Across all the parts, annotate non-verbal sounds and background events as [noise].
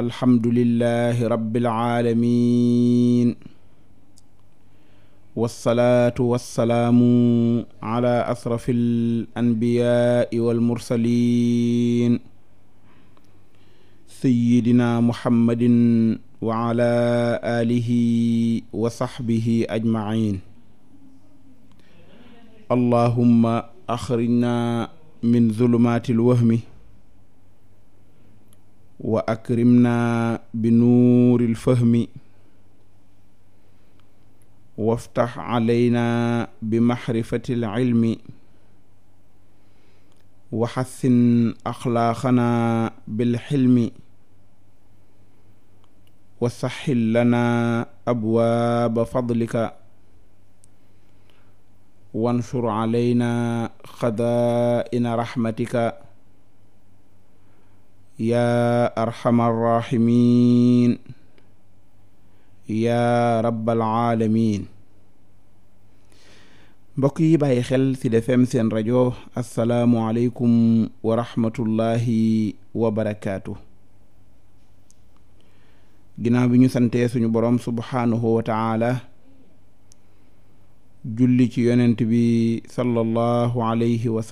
alhamdulillahi rabbil aalamiin wassalaatu wassalaamu ala asrafil anbiyaai wal mursaliin sayyidina muhammadin wa ala aalihi wa saxbihi ajmaciin allahumma axrijna min zulumaatil wahmi wa akrimna bi nuuril fahmi waftax alayna bi maxrifati alcilmi wa xassin axlaaqana bilxilmi wa saxil lana abwaaba fadlika wansur alayna xadaa'ina raxmatika yaa arhamar raahimiin yaa rabbal aalamiin mbokk yi bàyyi xel ci seen rajo asalaamu aleykum wa rahmatullahi wa barakaatu ginnaaw bi ñu santee suñu boroom subhaanahu wa julli ci yonent bi sallallahu alayhi wa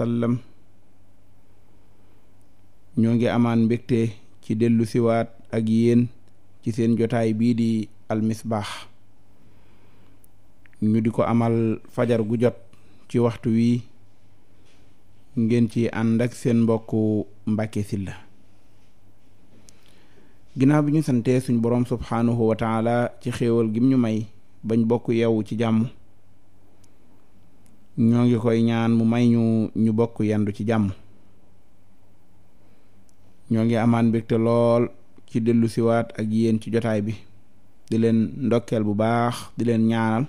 ñoo ngi amaan mbégte ci dellu siwaat ak yéen ci seen jotaay bii di almisbaax ñu di ko amal fajar gu jot ci waxtu wi ngeen ci ànd ak seen mbokk Mbàkke Sylla ginnaaw bi ñu santee suñ boroom subhaanahu wa taala ci xéewal gim ñu may bañ bokk yeewu ci jàmm ñoo ngi koy ñaan mu may ñu ñu bokk yendu ci jàmm ñoo ngi amaan mbégte lool ci dellu siwaat ak yéen ci jotaay bi di leen ndokkeel bu baax di leen ñaanal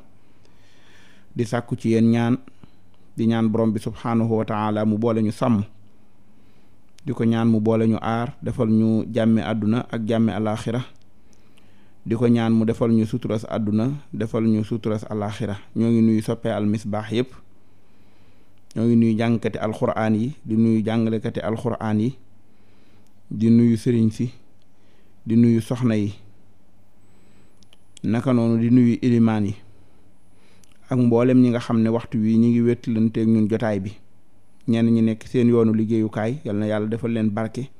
di sàkku ci yéen ñaan di ñaan borom bi subhaanahu wa taala mu boole ñu sàmm di ko ñaan mu boole ñu aar defal ñu jàmme àdduna ak jàmme alaxira di ko ñaan mu defal ñu suturas àdduna defal ñu suturas alaxira ñoo ngi nuyu soppee al misbaax yépp ñoo ngi nuyu jàngkati alxuraan yi di nuyu jàngalekati alxuraan yi di nuyu sëriñ si di nuyu soxna yi naka noonu di nuyu ilimaan yi ak mboolem ñi nga xam ne waxtu wi ñi ngi wétlanteeg ñun jotaay bi ñenn ñi nekk seen yoonu liggéeyukaay yal na yàlla defal leen barke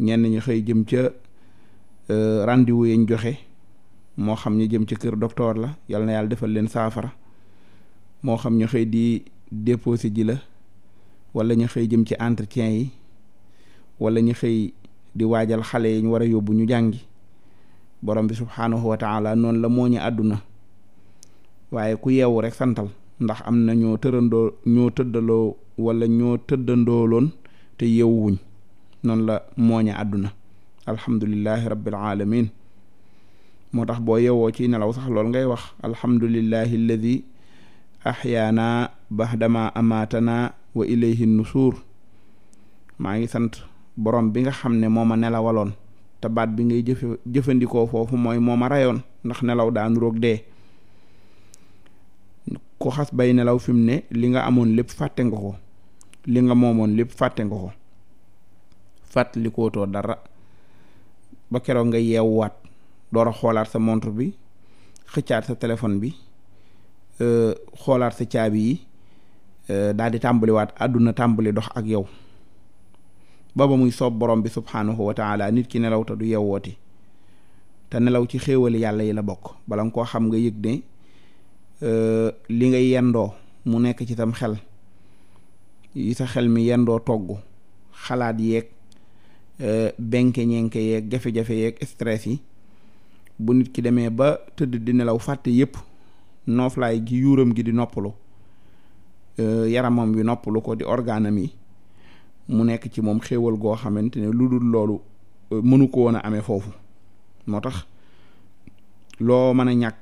ñenn ñi xëy jëm ca euh, rendez-vous yañ joxe moo xam ñu jëm ca kër docteur la yal na yàlla defal leen saafara moo xam ñu xëy di déposi ji la wala ñu xëy jëm ci entretien yi wala ñi xëy di waajal xale yi ñu war a yóbbu ñu jàngi borom bi subhaanahu wa taala noonu la moo àdduna waaye ku yeewu rek santal ndax am na ñoo tërandoo ñoo tëddaloo wala ñoo tëddandooloon te yeewuwuñ noonu la mooña àdduna alhamdulillahi rabbil alamin moo tax boo yewoo ci nelaw sax lool ngay wax alhamdulillahi alladi axyaana dama amaatana wa ilayhi nusuur maa ngi sant borom bi nga xam ne moo ma nelawaloon te baat bi ngay jëfe jëfandikoo foofu mooy moo ma rayoon ndax nelaw daan roog dee ku xas bay nelaw fi mu ne li nga amoon lépp fàtte nga ko li nga moomoon lépp fàtte ko fàttali kootoo dara ba keroog nga waat door a xoolaat sa montre bi xëccaat sa téléphone bi euh, xoolaat sa caabi yi euh, daal di tàmbaliwaat àdduna tàmbali dox ak yow ba muy soob borom bi subhaanahu wa taala nit ki nelaw te du yewwooti te nelaw ci xéewal yàlla yi la bokk bala koo xam nga yëg ne euh, li ngay yendoo mu nekk ci tam xel yi sa xel mi yendoo togg xalaat yeeg euh, benke ñenke yeeg jafe-jafe yeeg stress yi bu nit ki demee ba tëdd di nelaw fàtte yépp nooflaay gi yuuram gi di noppalu euh, yaramam wi noppalu ko di organam yi mu nekk ci moom xéewal goo xamante ne lu dul loolu euh, mënu ko woon a amee foofu moo tax loo mën a ñàkk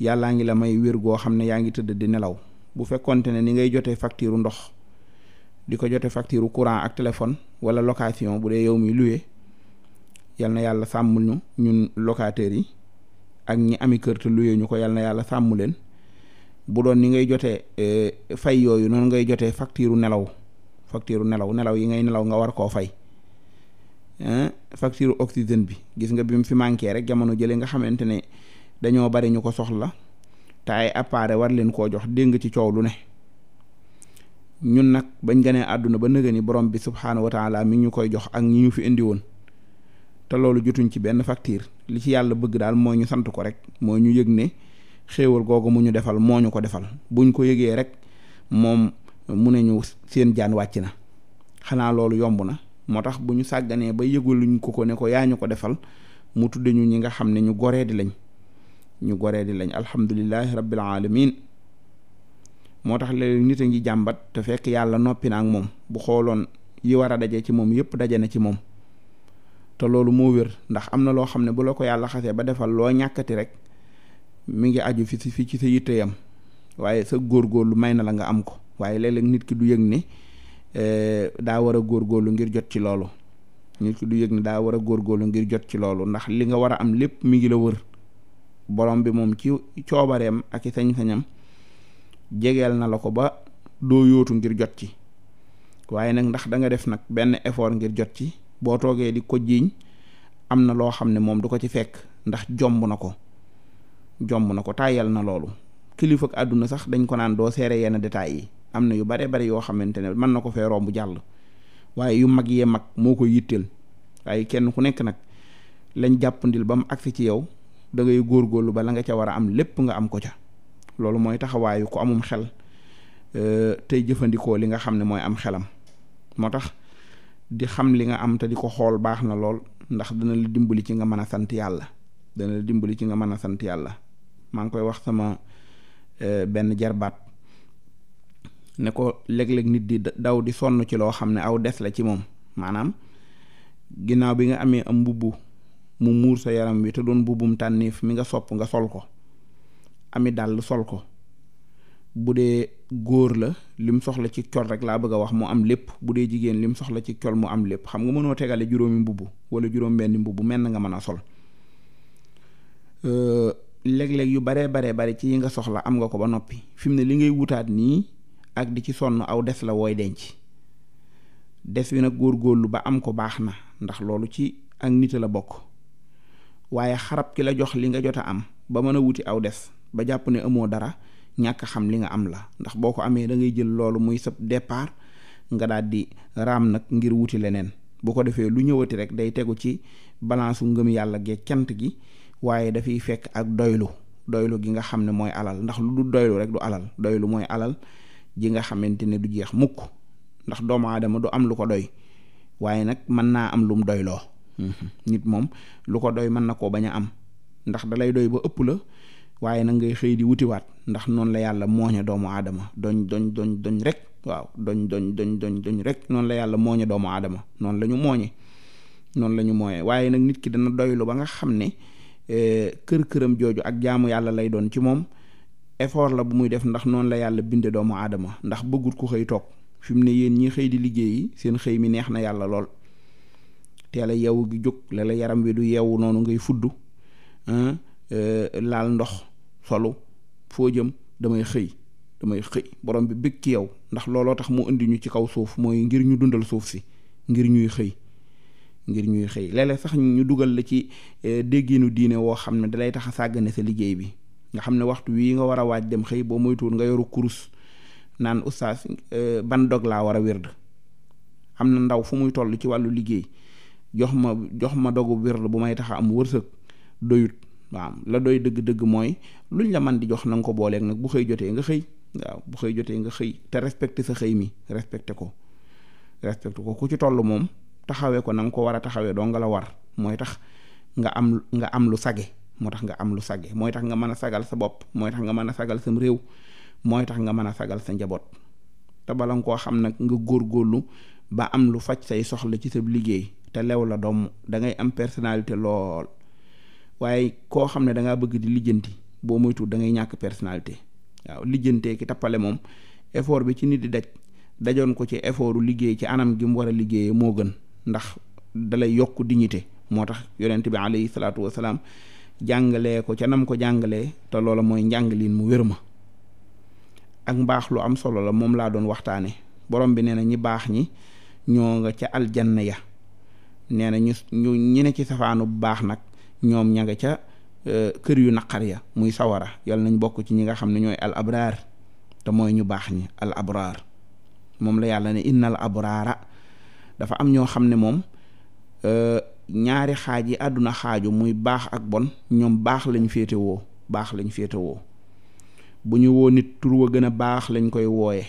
yàllaa ngi la may wér goo xam ne yaa ngi tëdd di nelaw bu fekkonte ne ni ngay jotee facture ndox di ko jote facture courant ak téléphone wala location bu dee yow mi loué yal na yàlla sàmmul ñun locataires yi ak ñi ami kër te loué ñu ko yal na yàlla sàmmu leen bu doon ni ngay jotee euh, fay yooyu noonu ngay jotee facture nelaw facture nelaw nelaw yi ngay nelaw nga war koo fay facture oxygène bi gis nga bi mu fi manqué rek jamono jële nga xamante ne dañoo bari ñu ko soxla te ay appareil war leen koo jox dégg ci coow lu ne ñun nag bañ gënee àdduna ba nëga ni borom bi subhaanahu wa taala mi ñu koy jox ak ñi ñu fi indi woon te loolu jotuñ ci benn facture li ci yàlla bëgg daal moo ñu sant ko rek moo ñu yëg ne xéewal googu mu ñu defal moo ñu ko defal buñ ko yëgee rek moom mu ne ñu seen jaan wàcc na xanaa loolu yomb na moo tax bu ñu sàgganee ba yëgaluñ ko ko ne ko yaa ñu ko defal mu tudde ñu ñi nga xam ne ñu goree di lañ ñu goree di lañ alhamdulilahi rabbil alamin moo tax léeg nit a ngi jàmbat te fekk yàlla noppi na ak moom bu xooloon yi war a daje ci moom yépp daje na ci moom te loolu moo wér ndax am na loo xam ne bu la ko yàlla xasee ba defal loo ñàkkati rek mu ngi aju fi fi ci sa yitteyam waaye sa góorgóorlu may na la nga am ko waaye léeg nit ki du yëg ne eh, daa war a góorgóorlu ngir jot ci loolu nit ki du yëg daa war a góorgóorlu ngir jot ci loolu ndax li nga war a am lépp mi ngi la wër borom bi moom ci coobareem ak i sañ-sañam jegeel na la ko ba doo yootu ngir jot ci waaye nag ndax danga def nag benn effort ngir jot ci boo toogee di ko jiiñ am na loo xam ne moom du ko ci fekk ndax jomb na ko jomb na ko tàyyal na loolu kilifa ak àdduna sax dañ ko naan doo seere yenn détails yi am na yu bare bari yoo xamante ne mën na ko fee romb jàll waaye yu mag yee mag moo koy yitteel waaye kenn ku nekk nag lañ jàppandil ba mu agsi ci yow da ngay góorgóorlu ba la nga ca war a am lépp nga am ko ca loolu mooy taxawaayu ku amum xel euh, tey jëfandikoo li nga xam ne mooy am xelam moo tax di xam li nga am te di ko xool baax na lool ndax dana la dimbali ci nga mën a sant yàlla dana la dimbali ci nga mën a sant yàlla maa ngi koy wax sama euh, benn jarbaat ne ko léeg-léeg nit di daw di sonn ci loo xam ne aw des la ci moom maanaam ginnaaw bi nga amee am mbubb mu muur sa yaram wi te doon mbubbum tànniif mi nga sopp nga sol ko ami dàll sol ko bu dee góor la lim soxla ci col rek laa bëgg a wax mu am lépp bu dee jigéen lim soxla ci col mu am lépp xam nga mënoo tegale juróomi mbubb wala juróom benn mbubb mel na nga mën a sol euh, léeg-léeg yu baree baree bari ci yi nga soxla am nga ko ba noppi fi ne li ngay wutaat nii ak di ci sonn aw des la wooy denc des wi nag góor góorlu ba am ko baax na ndax loolu ci ak nit la bokk waaye xarab ki la jox li nga jot a am ba mën a wuti aw des ba jàpp ne amoo dara ñàkk xam li nga am la ndax boo ko amee da ngay jël loolu muy sa départ nga daal di raam nag ngir wuti leneen bu ko defee lu ñëwati rek day tegu ci balance ngëm yàlla gee cant gi waaye dafiy fekk ak doylu doylu gi nga xam ne mooy alal ndax lu du doylu rek du alal doylu ji nga xamante ne du jeex mukk ndax doomu aadama du am lu ko doy waaye nag mën naa am lum doy loo mhm. nit moom lu ko doy mën na koo bañ a am ndax dalay doy ba ëpp la waaye nag ngay xëy di wutiwaat ndax noonu la yàlla mooña doomu aadama doñ doñ doñ doñ rek waaw doñ doñ doñ doñ doñ rek noonu la yàlla mooña doomu aadama noonu la ñu mooñe noonu la ñu mooñe waaye nag nit ki dana doylu ba nga xam ne eh, kër këram jooju ak jaamu yàlla lay doon ci moom effort la bu muy def ndax noonu la yàlla binde doomu aadama ndax bëggul ku xëy toog fi mu ne yéen ñi xëy di liggéeyi seen xëy mi neex na yàlla lool teel a yeewu gi jóg la yaram wi du yeewu noonu ngay fudd euh, laal ndox solu foo jëm damay xëy damay xëy borom bi bëgg ci yow ndax looloo tax mu indi ñu ci kaw suuf mooy ngir ñu dundal suuf si ngir ñuy xëy ngir ñuy xëy léeg sax ñu dugal la ci euh, dégginu diine woo xam ne dalay tax a sàggane sa liggéey bi nga xam ne waxtu wii nga war a waaj dem xëy boo moytuwul nga yoru kurus naan oustaz euh, ban dog laa war a wérd am na ndaw fu muy toll ci wàllu liggéey jox ma jox ma dogu wérd bu may taxa am wërsëg doyut waa la doy dëgg-dëgg mooy luñ la man di jox na nga ko booleeg nag bu xëy jotee nga xëy waaw bu xëy jotee nga xëy te respecté sa xëy mi respecté ko respecté ko ku ci toll moom taxawee ko na nga ko war a taxawee doo nga la war mooy tax nga am nga am lu sage moo tax nga am lu sàgge mooy tax nga mën a sagal sa bopp mooy tax nga mën a sagal sam réew mooy tax nga mën a sagal sa njaboot te bala koo xam nag nga góor góorlu ba am lu faj say soxla ci sa liggéey te lew la doom dangay am personnalité lool waaye koo xam ne dangaa bëgg di lijjanti boo moytu da ngay ñàkk personnalité waaw lijjantee ki tappale moom effort bi ci nit di daj dajoon ko ci effortu liggéey ci anam gi mu war a liggéeyee moo gën ndax dalay yokk dignité moo tax yonent bi alayhi salaatu wasalaam jàngalee ko ca nam ko jàngalee te loola mooy njàngalin mu wér ma ak mbaax lu am solo la moom laa doon waxtaane borom bi nee na ñi baax ñi ñoo nga ca aljanna ya nee na ñu ñu ñi ne ci safaanu baax nag ñoom ña nga ca e, kër yu naqar ya muy sawara yal nañ bokk ci ñi nga xam ne ñooy al abraar te mooy ñu baax ñi al abraar moom la yàlla ne innal abraara dafa am ñoo xam ne moom e, ñaari xaaj yi àdduna xaaju muy baax ak bon ñoom baax lañ féete woo baax lañ féete woo bu ñu woo nit tur wa gën a baax lañ koy wooye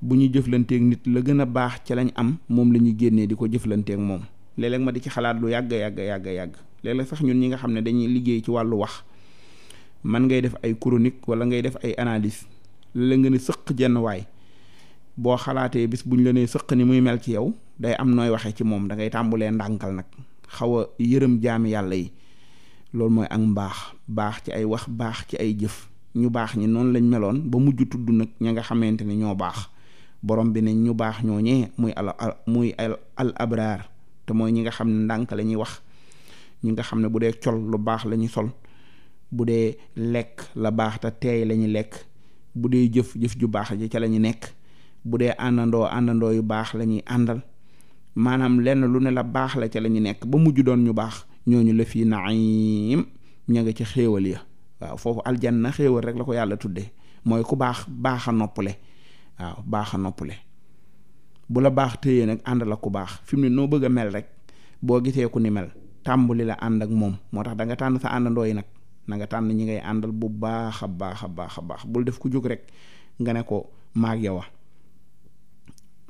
bu ñu jëflanteeg nit la gën a baax ca lañ am moom la ñuy génnee di ko jëflanteek moom léeg ma di ci xalaat lu yàgg yàgg yàgg yàgg léeg-léeg sax ñun ñi nga xam ne dañuy liggéey ci wàllu wax man ngay def ay chronique wala ngay def ay analyse la nga ne sëq jenn waay boo xalaatee bis bu ñu la nee sëq ni muy mel ci yow day am nooy waxee ci moom da ngay tàmbulee ndànkal nag xaw a yërëm jaami yàlla yi loolu mooy ak mbaax baax ci ay wax baax ci ay jëf ñu baax ñi noonu lañ meloon ba mujj tudd nag ña nga xamante ne ñoo baax borom bi ne ñu baax ñooñee muy al muy te mooy ñi nga xam ne ndànk la ñuy wax ñi nga xam ne bu dee col lu baax la ñuy sol bu dee lekk la baax te teey la ñuy lekk bu dee jëf jëf ju baax ji ca la ñu nekk bu dee àndandoo àndandoo yu baax la ñuy àndal maanaam lenn lu ne la baax la ca la ñu nekk ba mujj doon ñu baax ñooñu la fii naim ña nga ci xéewal ya waaw foofu na xéewal rek la ko yàlla tuddee mooy ku baax baax a le waaw baax a noppale bu la baax téyee nag ànd la ku baax fi mu ne noo bëgg a mel rek boo gisee ku ni mel tàmbali la ànd ak moom moo tax danga tànn sa àndandoo yi nag na nga tànn ñi ngay àndal bu baax a baax a baax a baax bul def ku jóg rek nga ne ko maag yow a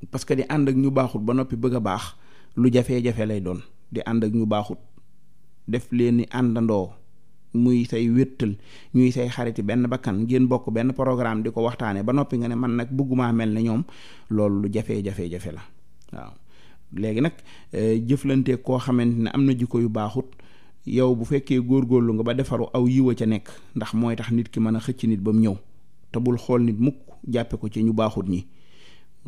parce que di ànd ak ñu baaxut ba noppi bëgg a baax lu jafee-jafe lay doon di ànd ak ñu baaxut def leen ni àndandoo muy say wéttal ñuy say xariti benn bakkan ngeen bokk benn programme di ko waxtaanee ba noppi nga ne man nag bëggumaa mel ne ñoom loolu lu jafee jafee jafe la waaw léegi nag euh, jëflante koo xamante ne am na jikko yu baaxut yow bu fekkee góor góorlu nga ba defaru aw yiwa ca nekk ndax mooy tax nit ki mën a xëcc nit ba mu ñëw te bul xool nit mukk jàppe ko ci ñu baaxut ñi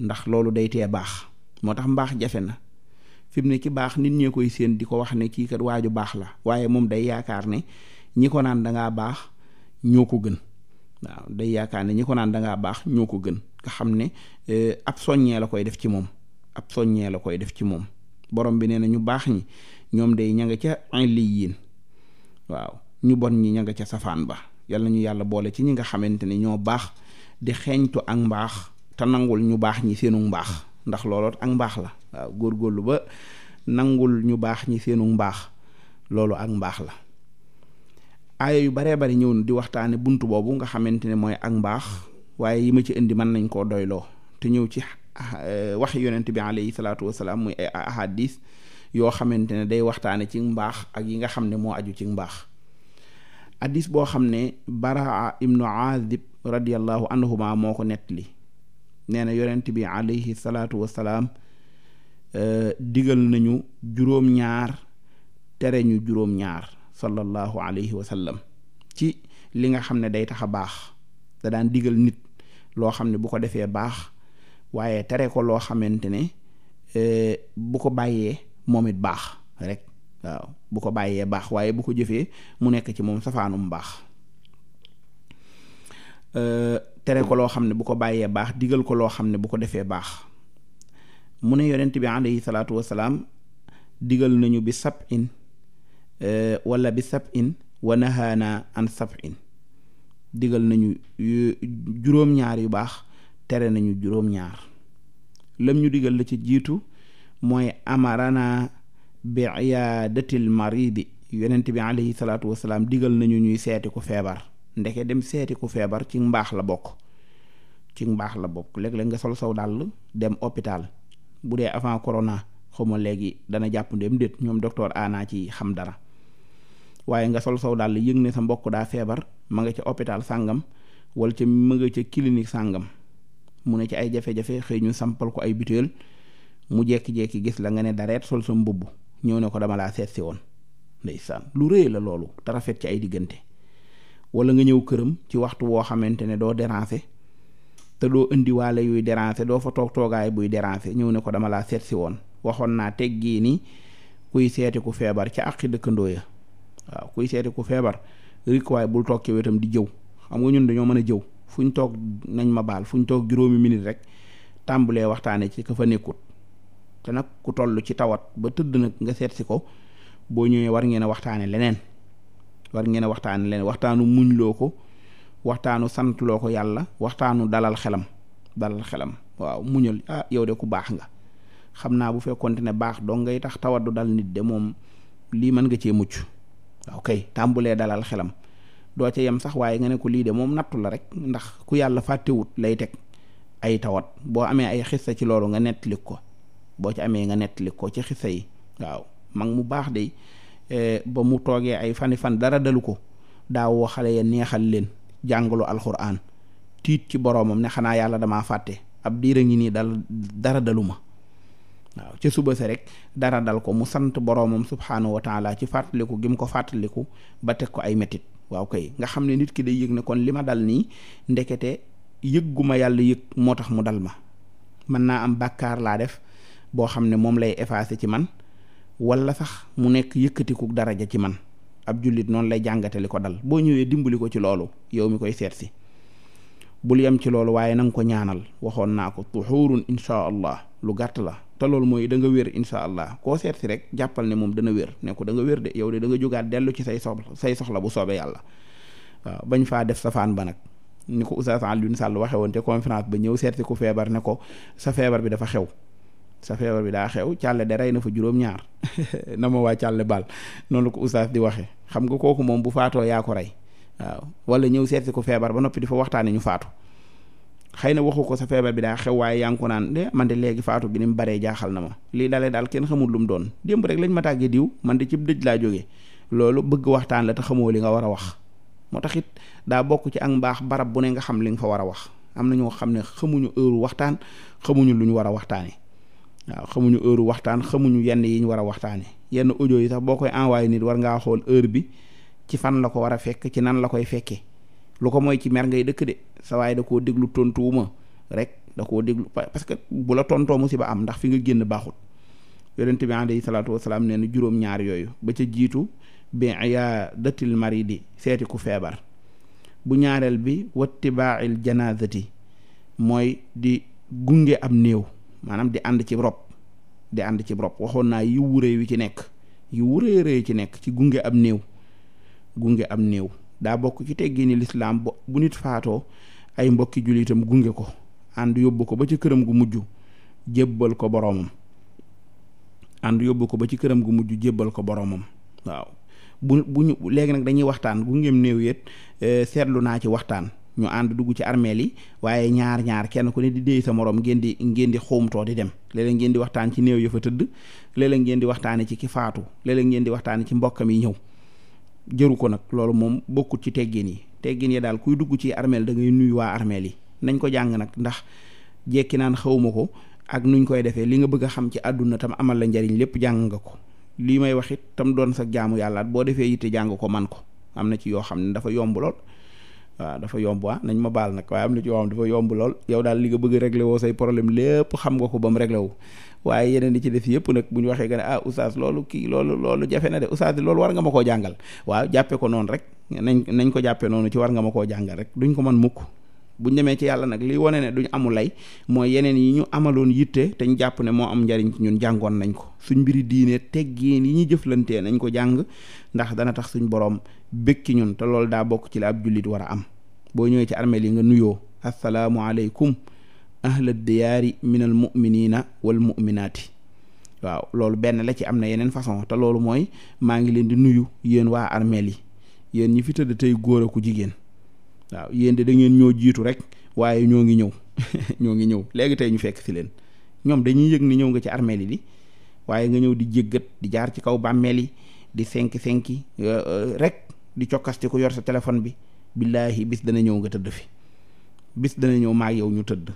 ndax loolu day tee baax moo tax mbaax jafe na fi mu ne ki baax nit ñee koy séen di ko wax ne kii kat waaju baax la waaye moom day yaakaar ne ñi ko naan dangaa baax ñoo ko gën day yaakaar ne ñi ko naan dangaa baax ñoo ko gën nga xam ne eh, ab soññee la koy def ci moom ab soññee la koy def ci moom borom bi nee na ñu baax ñi ñoom day ña nga ca liyin waaw ñu bon ñi ña nga ca safaan ba yal na ñu yàlla boole ci ñi nga xamante ne ñoo baax di xeeñtu ak mbaax te nangul ñu baax ñi seenu mbaax ndax looloot ak mbaax la waaw góorgóorlu ba nangul ñu baax ñi seenu mbaax loolu ak mbaax la aaya yu baree bari ñëw na di waxtaane bunt boobu nga xamante ne mooy ak mbaax waaye yi ma ci indi man nañ koo doyloo te ñëw ci eh, waxi yonent bi alayhi salaatu wasalaam muy ay ahadis yoo xamante ne day waxtaane ci mbaax ak yi nga xam ne moo aju ci mbaax hadis boo xam ne baraa ibnu azib radiallahu anhuma moo ko nettali nee na yonent bi alayhi salaatu wasalaam eh, digal nañu juróom-ñaar tere ñu juróom-ñaar sallallahu alayhi wa ci li nga xam ne day tax a baax da daan digal nit loo xam ne bu ko defee baax waaye tere ko loo xamante ne eh, bu ko bàyyee moom it baax rek waaw bu ko bàyyee baax waaye bu ko jëfee mu nekk ci moom safaanum baax eh, tere ko loo xam ne bu ko bàyyee baax digal ko loo xam ne bu ko defee baax mu ne yonent bi alayhi salaatu wasalaam digal nañu bi sab in euh, walla bi sab in wa nahaana an sab in digal nañu juróom-ñaar yu baax tere nañu juróom-ñaar lam ñu digal la ci jiitu mooy amarana bi iyaadatil maridi yonent bi alayhi salaatu wasalaam digal nañu ñuy seeti ku feebar ndeke dem seeti ku feebar ci mbaax la bokk ci mbaax la bokk léeg-léeg nga sol saw dàll dem hôpital bu dee avant corona xawma léegi dana jàpp ndem déet ñoom docteur Ana ci xam dara waaye nga sol saw dàll yëg ne sa mbokk daa feebar ma nga ca hôpital sàngam wala ci ma nga ca clinique sàngam mu ne ci ay jafe-jafe xëy ñu sampal ko ay butéel mu jekki-jekki gis la nga ne dareet sol sa mbubb ñëw ne ko dama laa seet si woon ndeysaan lu rëy la loolu te rafet ci ay diggante wala nga ñëw këram ci waxtu woo xamante ne doo déranger te doo indiwaale yuy déranger doo fa toog toogaay buy déranger ñëw ne ko dama laa seet si woon waxoon naa teggii ni kuy seeti ku feebar ca àqi dëkkandoo ya waaw kuy seeti ku feebar rik bul toog ci wetam di jëw xam nga ñun dañoo mën a jëw fu ñu toog nañ ma baal fu ñu toog juróomi minute rek tàmbalee waxtaane ci ka fa nekkut te nag ku toll ci tawat ba tëdd nag nga seet si ko boo ñëwee war ngeen a waxtaane leneen war ngeen a waxtaan leen waxtaanu muñ loo ko waxtaanu sant loo ko yàlla waxtaanu dalal xelam dalal xelam waaw muñal ah yow de ku baax nga xam naa bu fekkoonte ne baax dong ngay tax tawat du dal nit de moom lii mën nga cee mucc waaw tàmbulee dalal xelam doo ca yem sax waaye nga ne ko lii de moom nattu la rek ndax ku yàlla fàttewut lay teg ay tawat boo amee ay xissa ci loolu nga nettali ko boo ci amee nga nettali ko ci sa yi waaw mag mu baax de Eh, ba mu toogee ay fani fan dara dalu ko daa woo xale ya neexal leen jàngalu alxuraan tiit ci boroomam ne xanaa yàlla damaa fàtte ab diira ngi nii dal dara dalu ma waaw ca suba sa rek dara dal ko mu sant boroomam subhaanahu wa taala ci fàttaliku gi ko fàttaliku ba teg ko ay metit waaw kay nga xam ne nit ki day yëg ne kon li ma dal nii ndekete yëgguma yàlla yëg moo tax mu dal ma mën naa am bàkkaar laa def boo xam ne moom lay effacé ci man wala sax mu nekk yëkkatiku daraja ci man ab jullit noonu lay jàngate ko dal boo ñëwee dimbali ko ci loolu yow mi koy seet si bul yem ci loolu waaye na nga ko ñaanal waxoon naa ko tuxuurun insha allah lu gàtt la te loolu mooy da nga wér insha allah koo seet rek jàppal ne moom dana wér ne ko da nga wér de yow de da nga jógaat dellu ci say soxla say soxla bu soobee yàlla waaw bañ faa def safaan ba nag ni ko Oustaz Alioune Sall waxe woon te conférence ba ñëw seet si feebar ne ko sa feebar bi dafa xew sa feebar bi daa xew càll de rey na fa juróom-ñaar [laughs] na ma waa càlle bal noonu ko oustaz di waxe xam nga kooku moom bu faatoo yaa ko rey waaw wala ñëw seet ko feebar ba noppi di fa waxtaane ñu faatu xëy na waxu ko sa feebar bi daa xew waaye yaa ngi naan de eh, man de léegi faatu bi ni mu baree jaaxal na ma lii dalee daal kenn xamul lu mu doon démb rek lañ ma tàggee diw man de ci dëj laa jógee loolu bëgg waxtaan la te xamoo li nga war a wax moo tax it daa bokk ci ak mbaax barab bu ne nga xam li nga fa war a wax am na xam ne xamuñu waxtaan xamuñu lu ñu war a waxtaanee waaw xamuñu heure waxtaan xamuñu yenn yi ñu war a waxtaanee yenn audio yi sax boo koy envoyé nit war ngaa xool heure bi ci fan la ko war a fekk ci nan la koy fekkee lu ko mooy ci mer ngay dëkk de sa da koo déglu tontuwuma rek da koo déglu parce que bu la tontoo ba am ndax fi nga génn baaxut yonent bi alayhi salaatu wasalaam nee na juróom-ñaar yooyu ba ca jiitu dattil iyaadatil di seeti ku feebar bu ñaareel bi wattibaail janaazati mooy di gunge am néew maanaam di ànd ci rob di ànd ci rob waxoon naa yu wuree wi ci nekk yu wuree ree ci nekk ci gunge ab néew gunge am néew daa bokk ci teggini lislaam bo bu nit faatoo ay mbokki jullitam gunge ko ànd yóbbu ko ba ci këram gu mujj jébbal ko boromam ànd yóbbu ko ba ci këram gu mujj jébbal ko boroomam waaw bu bu ñu léegi nag dañuy waxtaan gungeem néew yet eh, seetlu naa ci waxtaan ñu ànd dugg ci armeel yi waaye ñaar ñaar kenn ku ne di déy sa moroom ngeen di ngeen di xuumtoo di dem léeg ngeen di waxtaan ci néew ya fa tëdd léeg-léeg ngeen di waxtaane ci ki faatu léeg ngeen di waxtaane ci mbokkam yi ñëw jëru ko nag loolu moom bokkut ci teggin yi teggin yi daal kuy dugg ci armeel da ngay nuyu waa armeel yi nañ ko jàng nag ndax jekki naan xawuma ko ak nuñ koy defee li nga bëgg a xam ci àdduna tam amal la njariñ lépp jàng nga ko lii may wax it tam doon sa jaamu yàllaat boo defee yitte jàng ko man am na ci yoo xam ne dafa yomb waaw dafa yomb ah nañ ma baal nag waaye am na ci yoo xam dafa yomb lool yow daal li nga bëgg a réglé woo say problème lépp xam nga ko ba mu réglé wu waaye yeneen di ci def yëpp nag bu ñu waxee nga ne ah oustaz loolu kii loolu loolu jafe na de oustaz loolu war nga ma koo jàngal waa jàppe ko noonu rek nañ nañ ko jàppe noonu ci war nga ma koo jàngal rek ko mën mukk buñ demee ci yàlla nag li wane ne duñ amul lay mooy yeneen yi ñu amaloon yitte te jàpp ne moo am njariñ ci ñun jàngoon nañ ko suñ mbiri diine teggeen yi ñuy jëflantee nañ ko jàng ndax dana tax suñ borom bëgg ci ñun te loolu daa bokk ci la ab jullit war a am boo ñëwee ci armeel yi nga nuyoo assalaamu aleykum ahla diyaari min al muminina wal muminaati waaw loolu benn la ci am na yeneen façon te loolu mooy maa ngi leen di nuyu yéen waa armeel yi yéen ñi fi tëdd tey góor aku jigéen waaw yéen de da ngeen ñoo jiitu rek waaye ñoo ngi ñëw [laughs] ñoo ngi ñëw léegi tey ñu fekk si leen ñoom dañuy yëg ni ñëw nga ci armeel yi di waaye nga ñëw di jéggat di jaar ci kaw bàmmeel yi di senki senki euh, euh, rek di cokkasti ku yor sa téléphone bi billaahi bis dana ñëw nga tëdd fi bis dana ñëw maag yow ñu tëdd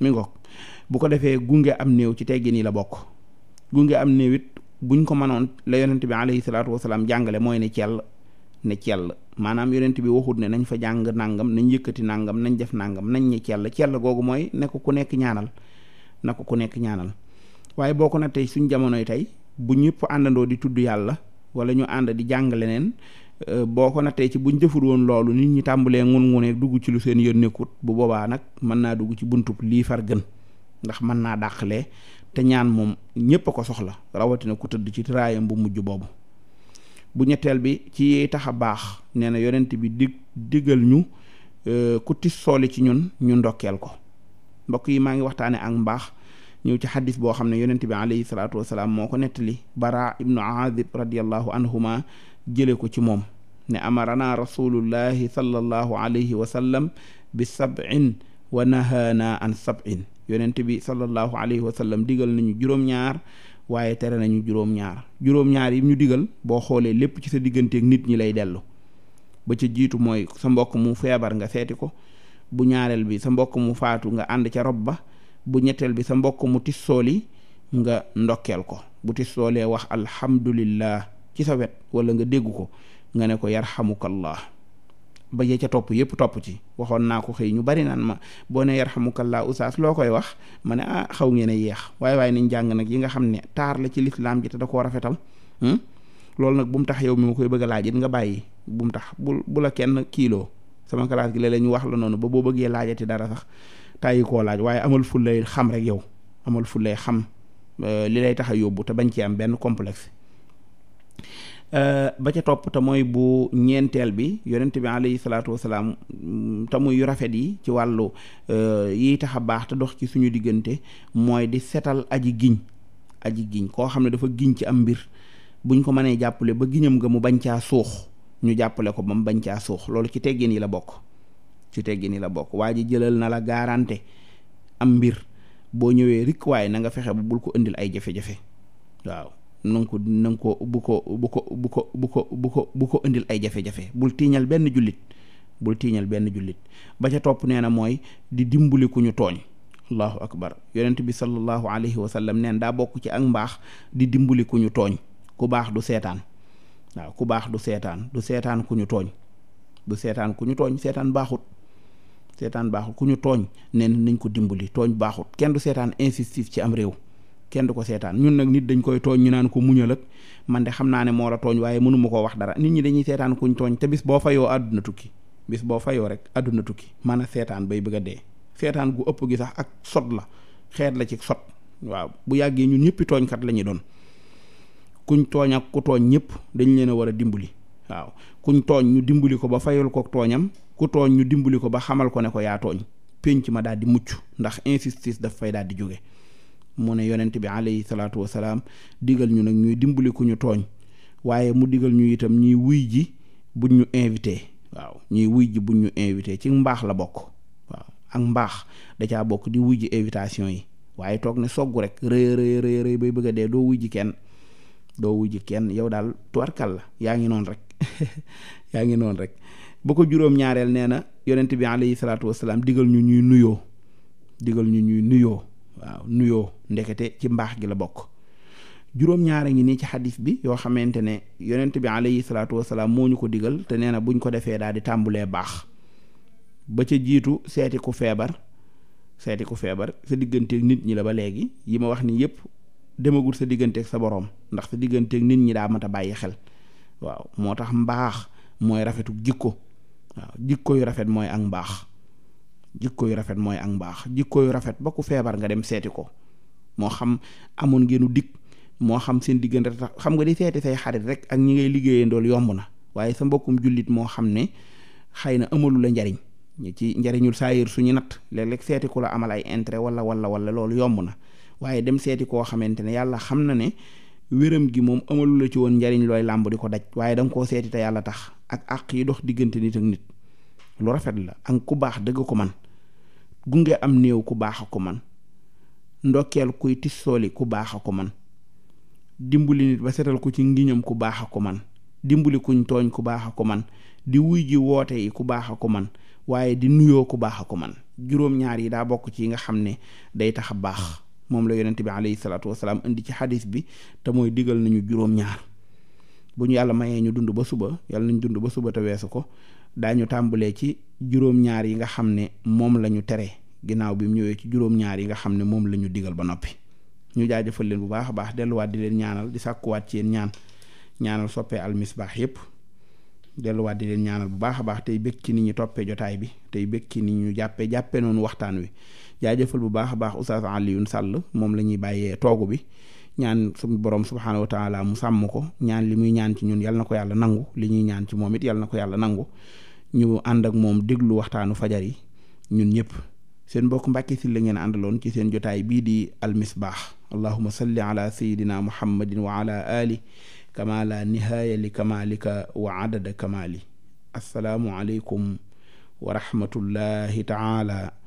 mi ngoog bu ko defee gunge am néew ci teggin yi la bokk gunge am néew it buñ ko mënoon la yonent bi alayhi salaatu wasalaam jàngale mooy ne cell ne cell maanaam yonent bi waxut ne nañ fa jàng nangam nañ yëkkati nàngam nañ def nangam nañ ñi cell cell googu mooy ne ko ku nekk ñaanal na ko ku nekk ñaanal waaye boo ko na tey suñ jamonoy tey bu àndandoo di tudd yàlla wala ñu ànd di jàng leneen Euh, boo ko nattee ci buñ jëfur woon loolu nit ñi tàmbalee ngun ngune dugg ci lu seen yoon nekkut bu boobaa nag mën naa dugg ci buntu buntub lii far gën ndax mën naa dàqalee te ñaan moom ñépp a ko soxla rawatina ku tëdd ci tiraayam bu mujj boobu bu ñetteel bi ci tax a baax nee na yonent bi dig digal ñu euh, ku tis sooli ci ñun ñu ndokkeel ko mbokk yi maa ngi waxtaane ak mbaax ñëw ci xadis boo xam ne yonent bi alayhi salaatu wasalaam moo ko nettali bara ibnu azib radiallahu ko ci moom ne amarana rasulullahi sallallahu alayhi wa sallam bi sab'in wa nahaana an sab'in yonent bi sallallahu alayhi wa sallam digal nañu juróom-ñaar waaye tere nañu juróom-ñaar juróom-ñaar yi ñu digal boo xoolee lépp ci sa digganteeg nit ñi lay dellu ba ca jiitu mooy sa mbokk mu feebar nga seeti ko bu ñaareel bi sa mbokk mu faatu nga ànd ca rob ba bu ñetteel bi sa mbokk mu tissooli nga ndokkeel ko bu tissoolee wax alhamdulillah ci sa wet wala nga dégg ko nga ne ko yarhamukallah ba yee ca topp yëpp topp ci waxoon naa ko xëy ñu bari naan ma boo ne yarhamukallah oustaz loo koy wax ma ne ah xaw ngeen a yéex waaye waaye nañ jàng nag yi nga xam ne taar la ci lislaam ji te da koo rafetal hmm? loolu nag bu mu tax yow mi ma koy bëgga a nga bàyyi bu tax bul bu la kenn kiiloo sama classe gi la léeg ñu wax la noonu ba boo bëggee laajati dara sax tàyyi koo laaj waaye amal fullay xam rek yow amal fullay xam euh, li lay tax a yóbbu te bañ ci am benn complexe ba ca topp te mooy bu ñeenteel bi yonent bi alayhi salaatu wasalaam te muy rafet yi ci wàllu euh, yiy tax baax te dox ci suñu diggante mooy di setal aji giñ aji giñ koo xam ne dafa giñ ci am mbir buñ ko mënee jàppale ba giñam nga mu bañ caa suux ñu jàppale ko ba mu bañ caa suux loolu ci teggin yi la bokk ci teggin yi la bokk waa ji jëlal na la garanté am mbir boo ñëwee rikk waaye na nga fexe ba bul ko indil ay jafe-jafe waaw na nga ko na nga ko bu ko bu ko bu ko bu ko bu ko bu ko indil ay jafe-jafe bul tiiñal benn jullit bul tiiñal benn jullit ba ca topp nee na mooy di dimbali ku ñu tooñ allahu akbar yonent bi sallallahu alayhi wa sallam neen daa bokk ci ak mbaax di dimbali ku tooñ ku baax du seetaan waaw ku baax du seetaan du seetaan ku ñu tooñ du seetaan ku ñu tooñ seetaan baaxut seetaan baaxut ku ñu tooñ nee nañ ko dimbali tooñ baaxut kenn du seetaan insistif ci am réew kenn du ko seetaan ñun nag nit dañ koy tooñ ñu naan ko muñal ak man de xam naa ne moo la tooñ waaye mënuma koo wax dara nit ñi dañuy seetaan kuñ tooñ te bis boo fayoo àdduna tukki bis boo fayoo rek àdduna tukki mën a seetaan bay bëgg a dee seetaan gu ëpp gi sax ak sot la xeet la ci sot waaw bu yàggee ñun ñëppi tooñkat la ñu doon kuñ tooñ ak ku tooñ ñëpp dañ leen a war a dimbali waaw kuñ tooñ ñu dimbali ko ba fayal kook tooñam ku tooñ ñu dimbali ko ba xamal ko ne ko yaa pénc ma daal di mucc ndax injustice daf fay daal di jóge moo ne yonent bi alayhi salaatu wasalaam digal ñu nag ñuy dimbali ku ñu tooñ waaye mu digal ñu itam ñuy wuy ji buñ ñu invité waaw ñuy wuy ji buñ ñu invité ci mbaax la bokk waaw ak mbaax da caa bokk di wuy ji invitation yi waaye toog ne soggu rek rëy rëy rëy rëy bay bëgg a dee doo wuy ji kenn doo wuy ji kenn yow daal tuwarkal la yaa ngi noonu rek [laughs] yaa ngi noonu rek bokk ko juróom-ñaareel nee na yonent bi alayhi salaatu wasalaam digal ñu ñuy nuyoo digal ñu ñuy nuyoo waaw nuyoo ndekete ci mbaax gi la bokk juróom-ñaara ngi nii ci xadis bi yoo xamante ne yonent bi alayhi salaatu wasalaam moo ñu ko digal te nee na buñ ko defee daal tàmbulee baax ba ca jiitu seeti ku feebar seeti ku feebar sa digganteeg nit ñi la ba léegi yi ma wax ni yépp demagul sa digganteeg sa boroom ndax sa digganteeg nit ñi daa mat a bàyyi xel waaw moo tax mbaax mooy rafetu jikko waaw jikko yu rafet mooy ak mbaax jikko yu rafet mooy ak mbaax jikko yu rafet ba ku feebar nga dem seeti ko moo xam amoon ngeenu dikk moo xam seen diggante tax xam nga di seeti say xarit rek ak ñi ngay liggéeyee ndool yomb na waaye sa mbokkum jullit moo xam ne xëy na amalu la njariñ ñi ci njariñul saayir suñu natt léeg-léeg seeti ku la amal ay intérêt wala wala wala loolu yomb na waaye dem seeti koo xamante ne yàlla xam na ne wéram gi moom amalu la ci woon njariñ looy làmb di ko daj waaye da nga koo seeti te yàlla tax ak àq yi dox diggante nit ak nit lu rafet la ak ku baax dëgg ko man gunge am néew ku baax a ko man ndokkeel kuy tissooli ku baax a ko man dimbali nit ba setal ko ci ngiñam ku baax a ko man dimbali kuñ tooñ ku baax a ko man di wuy ji woote yi ku baax ko man waaye di nuyoo ku baax ko man juróom-ñaar yi daa bokk ci yi nga xam ne day tax a baax moom la yonent bi alayhi salaatu wasalaam indi ci xadis bi te mooy diggal nañu juróom-ñaar bu ñu yàlla mayee ñu dund ba suba yàlla nañ dund ba suba te weesu ko daañu tàmbulee ci juróom-ñaar yi nga xam ne moom lañu teree ginnaaw bi mu ñëwee ci juróom-ñaar yi nga xam ne moom la ñu digal ba noppi ñu jaajëfal leen bu baax a baax delluwaat di leen ñaanal di sàkkuwaat ci yéen ñaan ñaanal soppee almisbaax yépp delluwaat di leen ñaanal bu baax a baax tey bëgg ci ni ñu toppee jotaay bi tey bëgg ci ni ñu jàppee jàppee noonu waxtaan wi jaajëfal bu baax a baax Oustaz Alioune sàll moom la ñuy bàyyee toogu bi ñaan suñu borom subhaanahu wa taala mu sàmm ko ñaan li muy ñaan ci ñun yal na ko yàlla nangu li ñuy ñaan ci moom it yal na ko yàlla nangu ñu ànd ak moom déglu waxtaanu fajar yi ñun ñëpp seen mbokk si Sylla ngeen àndaloon ci seen jotaay bii di almisbaax allahuma salli ala sayidina muhammadin wa ala ali kama la nihaaya li kamalika wa adada kamali assalaamu aleykum wa taala